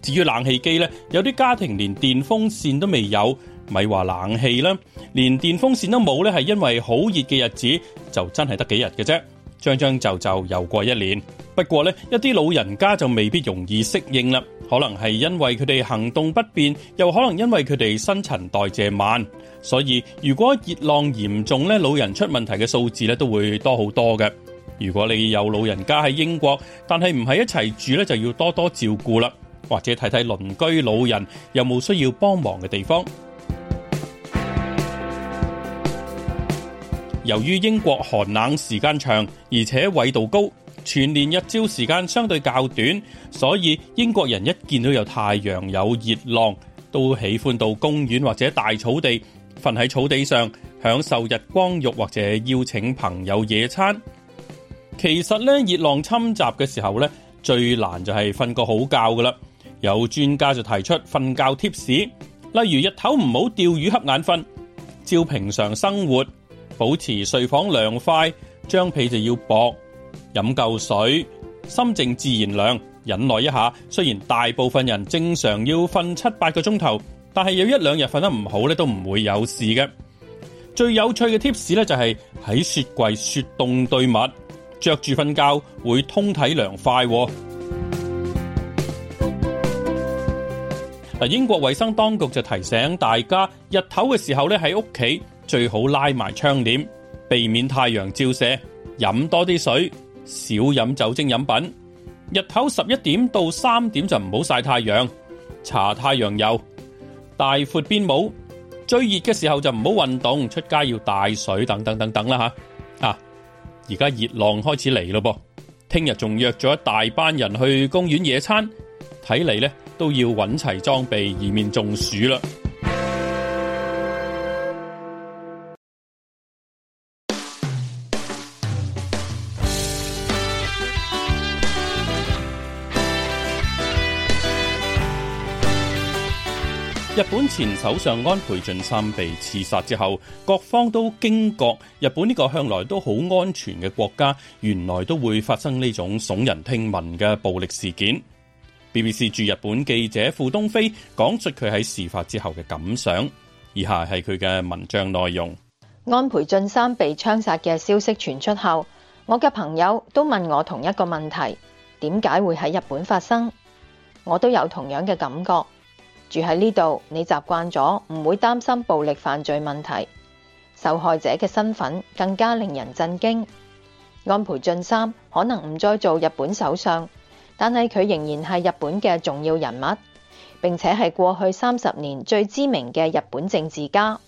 至於冷氣機呢，有啲家庭連電風扇都未有，咪話冷氣呢？連電風扇都冇呢，係因為好熱嘅日子就真係得幾日嘅啫。將將就就又過一年，不過呢一啲老人家就未必容易適應啦。可能係因為佢哋行動不便，又可能因為佢哋新陳代謝慢，所以如果熱浪嚴重呢，老人出問題嘅數字呢都會多好多嘅。如果你有老人家喺英國，但係唔係一齊住呢，就要多多照顧啦，或者睇睇鄰居老人有冇需要幫忙嘅地方。由於英國寒冷時間長，而且緯度高，全年日照時間相對較短，所以英國人一見到有太陽有熱浪，都喜歡到公園或者大草地，瞓喺草地上享受日光浴或者邀請朋友野餐。其實咧，熱浪侵襲嘅時候咧，最難就係瞓個好覺噶啦。有專家就提出瞓覺貼士，例如日頭唔好釣魚瞌眼瞓，照平常生活。保持睡房涼快，張被就要薄，飲夠水，心靜自然涼，忍耐一下。雖然大部分人正常要瞓七八個鐘頭，但係有一兩日瞓得唔好咧，都唔會有事嘅。最有趣嘅 tips 咧就係喺雪櫃雪凍對襪，着住瞓覺會通體涼快。嗱，英國衛生當局就提醒大家，日頭嘅時候咧喺屋企，最好拉埋窗簾，避免太陽照射。飲多啲水，少飲酒精飲品。日頭十一點到三點就唔好曬太陽，搽太陽油，大闊邊帽。最熱嘅時候就唔好運動，出街要帶水，等等等等啦吓。啊，而家熱浪開始嚟咯噃，聽日仲約咗一大班人去公園野餐，睇嚟呢都要搵齊裝備，以免中暑啦。前首相安倍晉三被刺殺之後，各方都驚覺日本呢個向來都好安全嘅國家，原來都會發生呢種聳人聽聞嘅暴力事件。BBC 駐日本記者傅東飛講述佢喺事發之後嘅感想，以下係佢嘅文章內容。安倍晉三被槍殺嘅消息傳出後，我嘅朋友都問我同一個問題：點解會喺日本發生？我都有同樣嘅感覺。住喺呢度，你習慣咗，唔會擔心暴力犯罪問題。受害者嘅身份更加令人震驚。安倍晉三可能唔再做日本首相，但係佢仍然係日本嘅重要人物，並且係過去三十年最知名嘅日本政治家。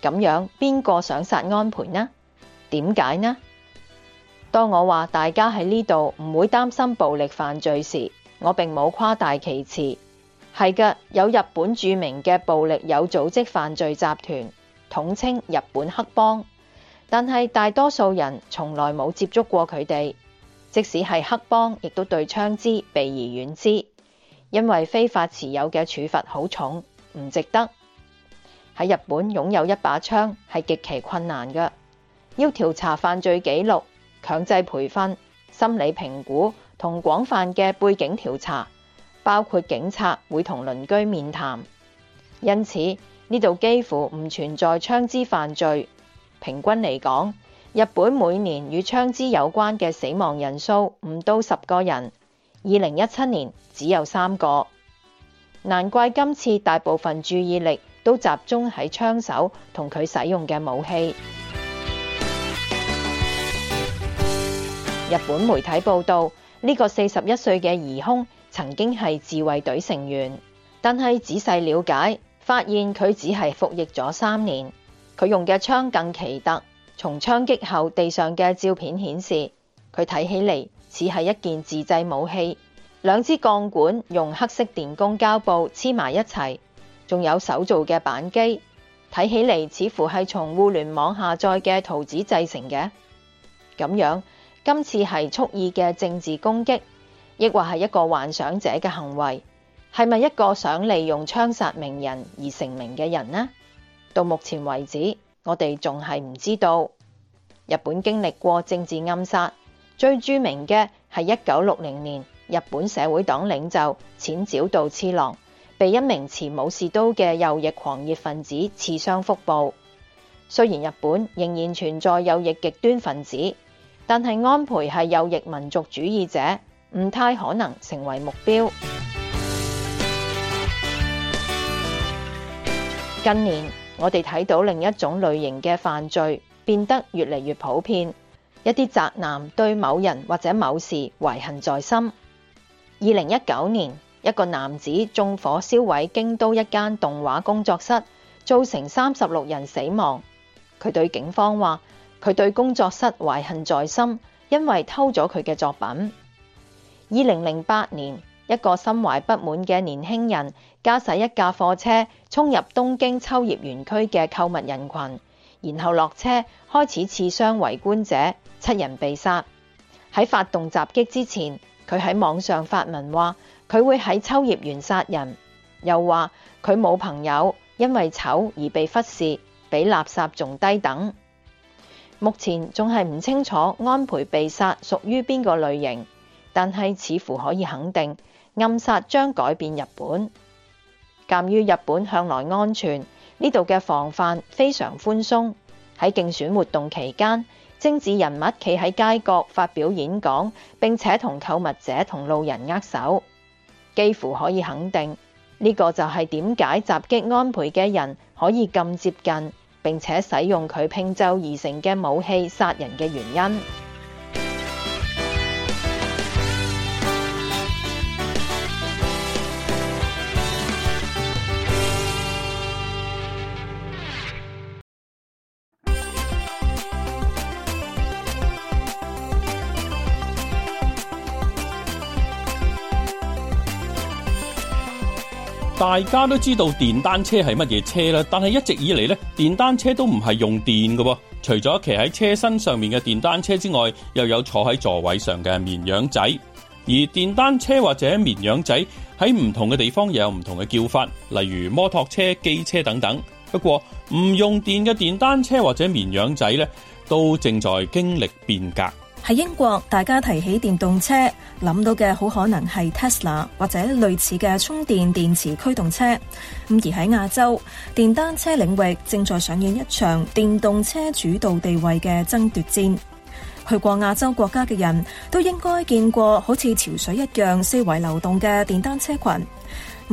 咁樣，邊個想殺安倍呢？點解呢？當我話大家喺呢度唔會擔心暴力犯罪時，我並冇誇大其詞。係㗎，有日本著名嘅暴力有組織犯罪集團，統稱日本黑幫。但係大多數人從來冇接觸過佢哋，即使係黑幫，亦都對槍支避而遠之，因為非法持有嘅處罰好重，唔值得。喺日本擁有一把槍係極其困難嘅，要調查犯罪記錄、強制培訓、心理評估同廣泛嘅背景調查。包括警察會同鄰居面談，因此呢度幾乎唔存在槍支犯罪。平均嚟講，日本每年與槍支有關嘅死亡人數唔到十個人，二零一七年只有三個。難怪今次大部分注意力都集中喺槍手同佢使用嘅武器。日本媒體報道呢個四十一歲嘅疑兇。曾經係自衛隊成員，但係仔細了解，發現佢只係服役咗三年。佢用嘅槍更奇特，從槍擊後地上嘅照片顯示，佢睇起嚟似係一件自製武器。兩支鋼管用黑色電工膠布黐埋一齊，仲有手造嘅扳機，睇起嚟似乎係從互聯網下載嘅圖紙製成嘅。咁樣，今次係蓄意嘅政治攻擊。亦或係一個幻想者嘅行為，係咪一個想利用槍殺名人而成名嘅人呢？到目前為止，我哋仲係唔知道。日本經歷過政治暗殺，最著名嘅係一九六零年，日本社會黨領袖淺沼稻次郎被一名持武士刀嘅右翼狂熱分子刺傷腹部。雖然日本仍然存在右翼極端分子，但係安倍係右翼民族主義者。唔太可能成為目標。近年我哋睇到另一種類型嘅犯罪變得越嚟越普遍。一啲宅男對某人或者某事懷恨在心。二零一九年，一個男子縱火燒毀京都一間動畫工作室，造成三十六人死亡。佢對警方話，佢對工作室懷恨在心，因為偷咗佢嘅作品。二零零八年，一個心懷不滿嘅年輕人駕駛一架貨車衝入東京秋葉原區嘅購物人群，然後落車開始刺傷圍觀者，七人被殺。喺發動襲擊之前，佢喺網上發文話：佢會喺秋葉原殺人，又話佢冇朋友，因為醜而被忽視，比垃圾仲低等。目前仲係唔清楚安倍被殺屬於邊個類型。但係似乎可以肯定，暗殺將改變日本。鑑於日本向來安全，呢度嘅防範非常寬鬆。喺競選活動期間，政治人物企喺街角發表演講，並且同購物者同路人握手。幾乎可以肯定，呢、這個就係點解襲擊安倍嘅人可以咁接近，並且使用佢拼湊而成嘅武器殺人嘅原因。大家都知道電單車係乜嘢車啦，但係一直以嚟，呢，電單車都唔係用電嘅。除咗騎喺車身上面嘅電單車之外，又有坐喺座位上嘅綿羊仔。而電單車或者綿羊仔喺唔同嘅地方，又有唔同嘅叫法，例如摩托車、機車等等。不過唔用電嘅電單車或者綿羊仔呢，都正在經歷變革。喺英國，大家提起電動車諗到嘅好可能係 Tesla 或者類似嘅充電電池驅動車。咁而喺亞洲，電單車領域正在上演一場電動車主導地位嘅爭奪戰。去過亞洲國家嘅人都應該見過好似潮水一樣四圍流動嘅電單車群。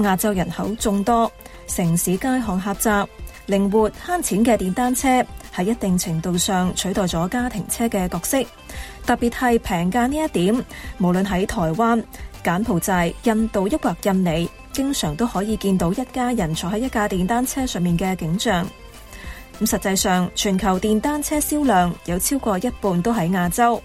亞洲人口眾多，城市街巷狹窄，靈活慳錢嘅電單車喺一定程度上取代咗家庭車嘅角色。特別係平價呢一點，無論喺台灣、柬埔寨、印度抑或印尼，經常都可以見到一家人坐喺一架電單車上面嘅景象。咁實際上，全球電單車銷量有超過一半都喺亞洲，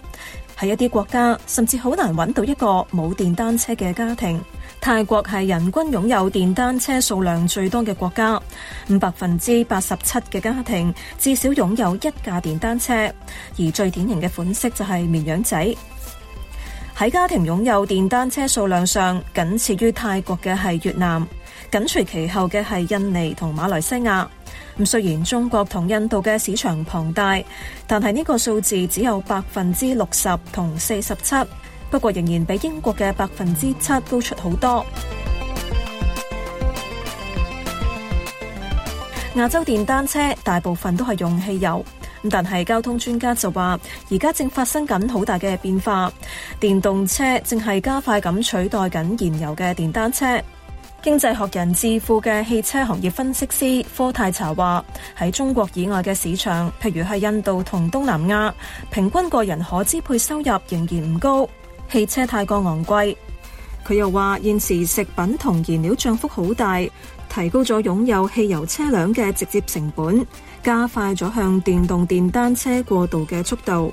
喺一啲國家甚至好難揾到一個冇電單車嘅家庭。泰國係人均擁有電單車數量最多嘅國家，咁百分之八十七嘅家庭至少擁有一架電單車，而最典型嘅款式就係綿羊仔。喺家庭擁有電單車數量上，僅次於泰國嘅係越南，緊隨其後嘅係印尼同馬來西亞。咁雖然中國同印度嘅市場龐大，但係呢個數字只有百分之六十同四十七。不過仍然比英國嘅百分之七高出好多。亞洲電單車大部分都係用汽油，咁但係交通專家就話，而家正發生緊好大嘅變化，電動車正係加快咁取代緊燃油嘅電單車。經濟學人智庫嘅汽車行業分析師科泰查話：喺中國以外嘅市場，譬如係印度同東南亞，平均個人可支配收入仍然唔高。汽車太過昂貴，佢又話現時食品同燃料漲幅好大，提高咗擁有汽油車輛嘅直接成本，加快咗向電動電單車過渡嘅速度。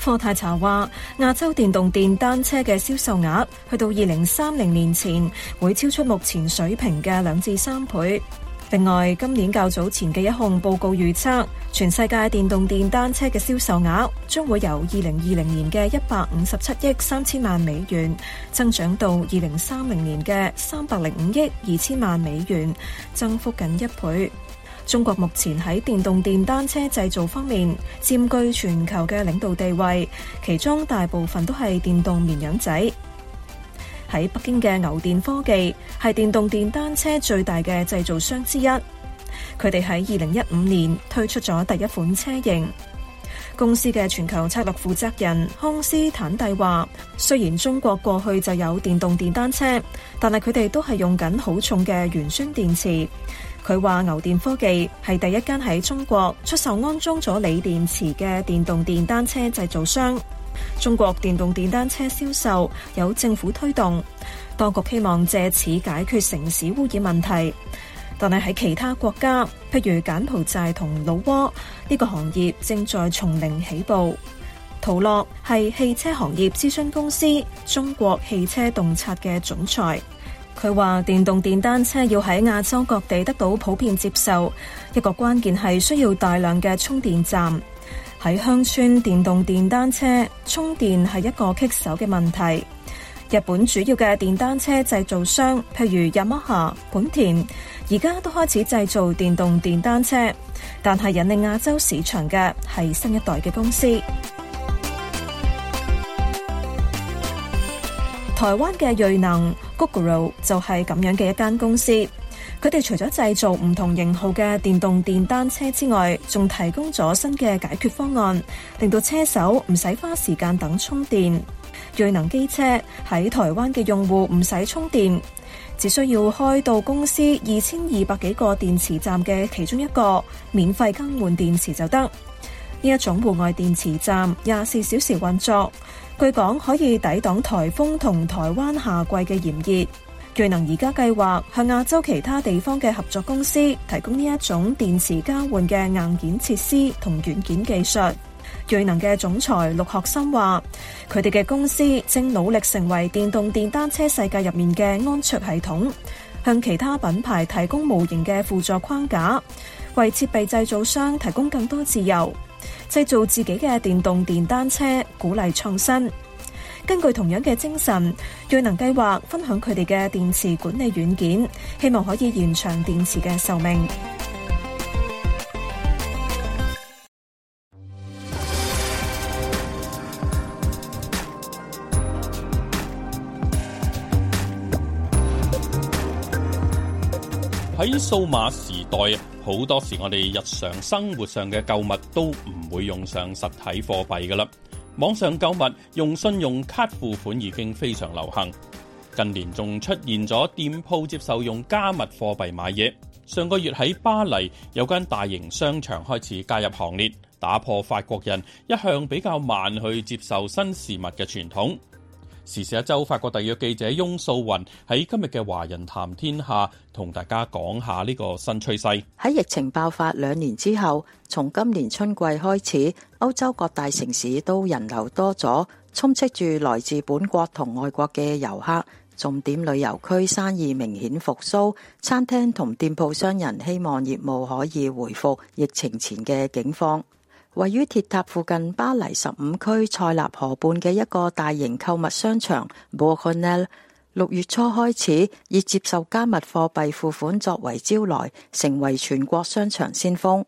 科泰查話，亞洲電動電單車嘅銷售額去到二零三零年前會超出目前水平嘅兩至三倍。另外，今年較早前嘅一項報告預測，全世界電動電單車嘅銷售額將會由二零二零年嘅一百五十七億三千萬美元增長到二零三零年嘅三百零五億二千萬美元，增幅近一倍。中國目前喺電動電單車製造方面佔據全球嘅領導地位，其中大部分都係電動綿羊仔。喺北京嘅牛電科技係電動電單車最大嘅製造商之一。佢哋喺二零一五年推出咗第一款車型。公司嘅全球策略負責人康斯坦蒂話，雖然中國過去就有電動電單車，但係佢哋都係用緊好重嘅鉛酸電池。佢話牛電科技係第一間喺中國出售安裝咗鋰電池嘅電動電單車製造商。中國電動電單車銷售有政府推動，當局希望借此解決城市污染問題。但係喺其他國家，譬如柬埔寨同老撾，呢個行業正在從零起步。陶樂係汽車行業諮詢公司中國汽車洞察嘅總裁，佢話電動電單車要喺亞洲各地得到普遍接受，一個關鍵係需要大量嘅充電站。喺鄉村，電動電單車充電係一個棘手嘅問題。日本主要嘅電單車製造商，譬如雅馬哈、本田，而家都開始製造電動電單車，但係引領亞洲市場嘅係新一代嘅公司。 台灣嘅瑞能 Gogoro 就係咁樣嘅一間公司。佢哋除咗製造唔同型號嘅電動電單車之外，仲提供咗新嘅解決方案，令到車手唔使花時間等充電。銳能機車喺台灣嘅用戶唔使充電，只需要開到公司二千二百幾個電池站嘅其中一個，免費更換電池就得。呢一種戶外電池站廿四小時運作，據講可以抵擋台風同台灣夏季嘅炎熱。瑞能而家計劃向亞洲其他地方嘅合作公司提供呢一種電池交換嘅硬件設施同軟件技術。瑞能嘅總裁陸學森話，佢哋嘅公司正努力成為電動電單車世界入面嘅安卓系統，向其他品牌提供無形嘅輔助框架，為設備製造商提供更多自由，製造自己嘅電動電單車，鼓勵創新。根據同樣嘅精神，瑞能計劃分享佢哋嘅電池管理軟件，希望可以延長電池嘅壽命。喺數碼時代，好多時我哋日常生活上嘅購物都唔會用上實體貨幣㗎喇。網上購物用信用卡付款已經非常流行，近年仲出現咗店鋪接受用加密貨幣買嘢。上個月喺巴黎有間大型商場開始加入行列，打破法國人一向比較慢去接受新事物嘅傳統。時事一週，法國特約記者翁素雲喺今日嘅《華人談天下》同大家講下呢個新趨勢。喺疫情爆發兩年之後，從今年春季開始，歐洲各大城市都人流多咗，充斥住來自本國同外國嘅遊客。重點旅遊區生意明顯復甦，餐廳同店鋪商人希望業務可以回復疫情前嘅景況。位於鐵塔附近巴黎十五區塞納河畔嘅一個大型購物商場 Beaugrenelle，六月初開始，以接受加密貨幣付款作為招來，成為全國商場先鋒。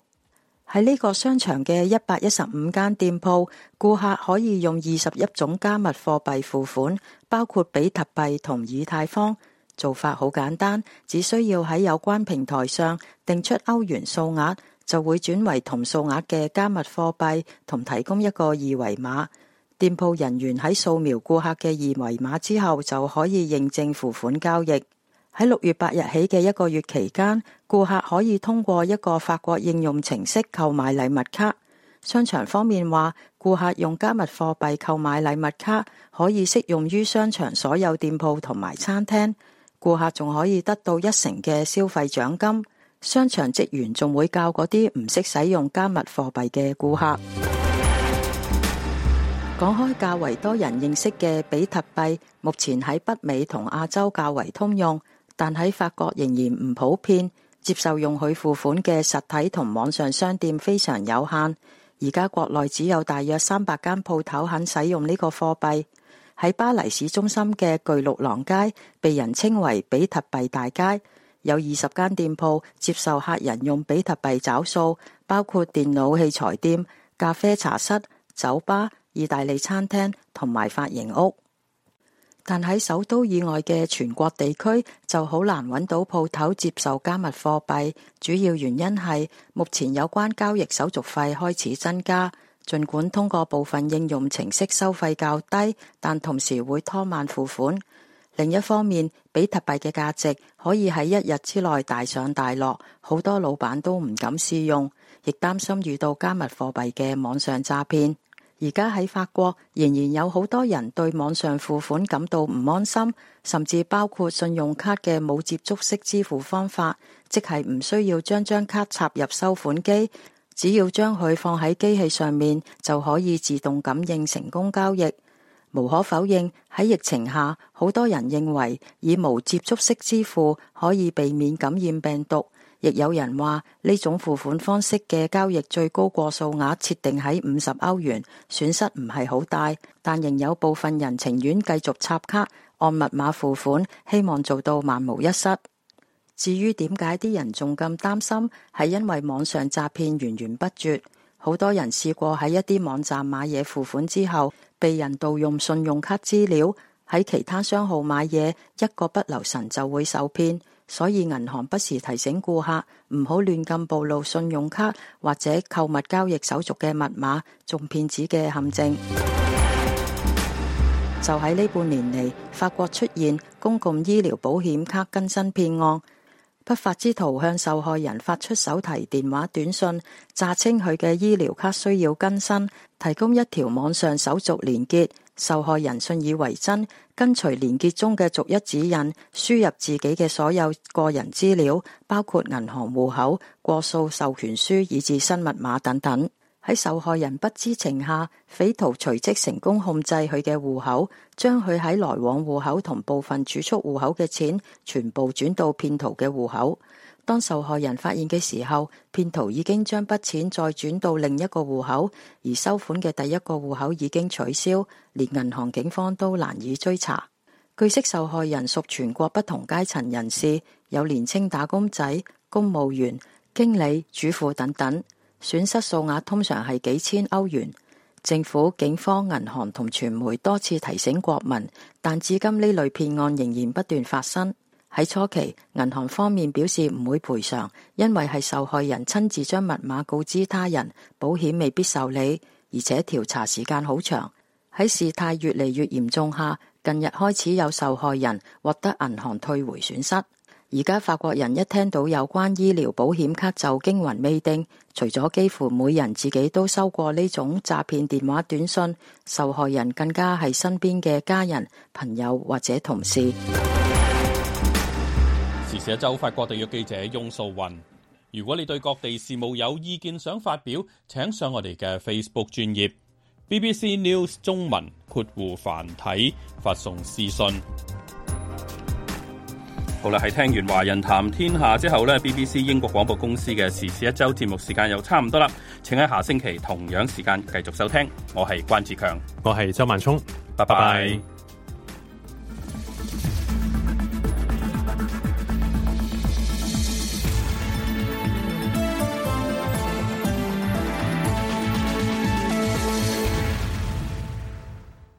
喺呢個商場嘅一百一十五間店鋪，顧客可以用二十一種加密貨幣付款，包括比特幣同以太坊。做法好簡單，只需要喺有關平台上定出歐元數額，就會轉為同數額嘅加密貨幣，同提供一個二維碼。店鋪人員喺掃描顧客嘅二維碼之後，就可以認證付款交易。喺六月八日起嘅一個月期間，顧客可以通過一個法國應用程式購買禮物卡。商場方面話，顧客用加密貨幣購買禮物卡可以適用於商場所有店鋪同埋餐廳。顧客仲可以得到一成嘅消費獎金。商場職員仲會教嗰啲唔識使用加密貨幣嘅顧客。講 開較為多人認識嘅比特幣，目前喺北美同亞洲較為通用，但喺法國仍然唔普遍，接受用佢付款嘅實體同網上商店非常有限。而家國內只有大約三百間鋪頭肯使用呢個貨幣。喺巴黎市中心嘅巨鹿郎街，被人稱為比特幣大街。有二十間店鋪接受客人用比特幣找數，包括電腦器材店、咖啡茶室、酒吧、意大利餐廳同埋髮型屋。但喺首都以外嘅全國地區就好難揾到鋪頭接受加密貨幣，主要原因係目前有關交易手續費開始增加。盡管通過部分應用程式收費較低，但同時會拖慢付款。另一方面，比特幣嘅價值可以喺一日之內大上大落，好多老闆都唔敢試用，亦擔心遇到加密貨幣嘅網上詐騙。而家喺法國仍然有好多人對網上付款感到唔安心，甚至包括信用卡嘅冇接觸式支付方法，即係唔需要將張卡插入收款機，只要將佢放喺機器上面就可以自動感應成功交易。無可否認，喺疫情下，好多人認為以無接觸式支付可以避免感染病毒。亦有人話呢種付款方式嘅交易最高過數額設定喺五十歐元，損失唔係好大。但仍有部分人情願繼續插卡按密碼付款，希望做到萬無一失。至於點解啲人仲咁擔心，係因為網上詐騙源源不絕，好多人試過喺一啲網站買嘢付款之後。被人盜用信用卡資料喺其他商號買嘢，一個不留神就會受騙，所以銀行不時提醒顧客唔好亂咁暴露信用卡或者購物交易手續嘅密碼，中騙子嘅陷阱。 就喺呢半年嚟，法國出現公共醫療保險卡更新騙案。不法之徒向受害人發出手提電話短信，詐稱佢嘅醫療卡需要更新，提供一條網上手續連結，受害人信以為真，跟隨連結中嘅逐一指引，輸入自己嘅所有個人資料，包括銀行戶口、過數授權書以至新密碼等等。喺受害人不知情下，匪徒隨即成功控制佢嘅戶口，將佢喺來往戶口同部分儲蓄戶口嘅錢全部轉到騙徒嘅戶口。當受害人發現嘅時候，騙徒已經將筆錢再轉到另一個戶口，而收款嘅第一個戶口已經取消，連銀行警方都難以追查。據悉，受害人屬全國不同階層人士，有年青打工仔、公務員、經理、主婦等等。損失數額通常係幾千歐元，政府、警方、銀行同傳媒多次提醒國民，但至今呢類騙案仍然不斷發生。喺初期，銀行方面表示唔會賠償，因為係受害人親自將密碼告知他人，保險未必受理，而且調查時間好長。喺事態越嚟越嚴重下，近日開始有受害人獲得銀行退回損失。而家法國人一聽到有關醫療保險卡就驚魂未定，除咗幾乎每人自己都收過呢種詐騙電話短信，受害人更加係身邊嘅家人、朋友或者同事。時事一周，法國地約記者翁素雲。如果你對各地事務有意見想發表，請上我哋嘅 Facebook 專頁 BBC News 中文括弧繁體發送私信。我哋係聽完《華人談天下》之後呢 BBC 英國廣播公司嘅時事一周節目時間又差唔多啦，請喺下星期同樣時間繼續收聽。我係關志強，我係周萬聰，拜拜。拜拜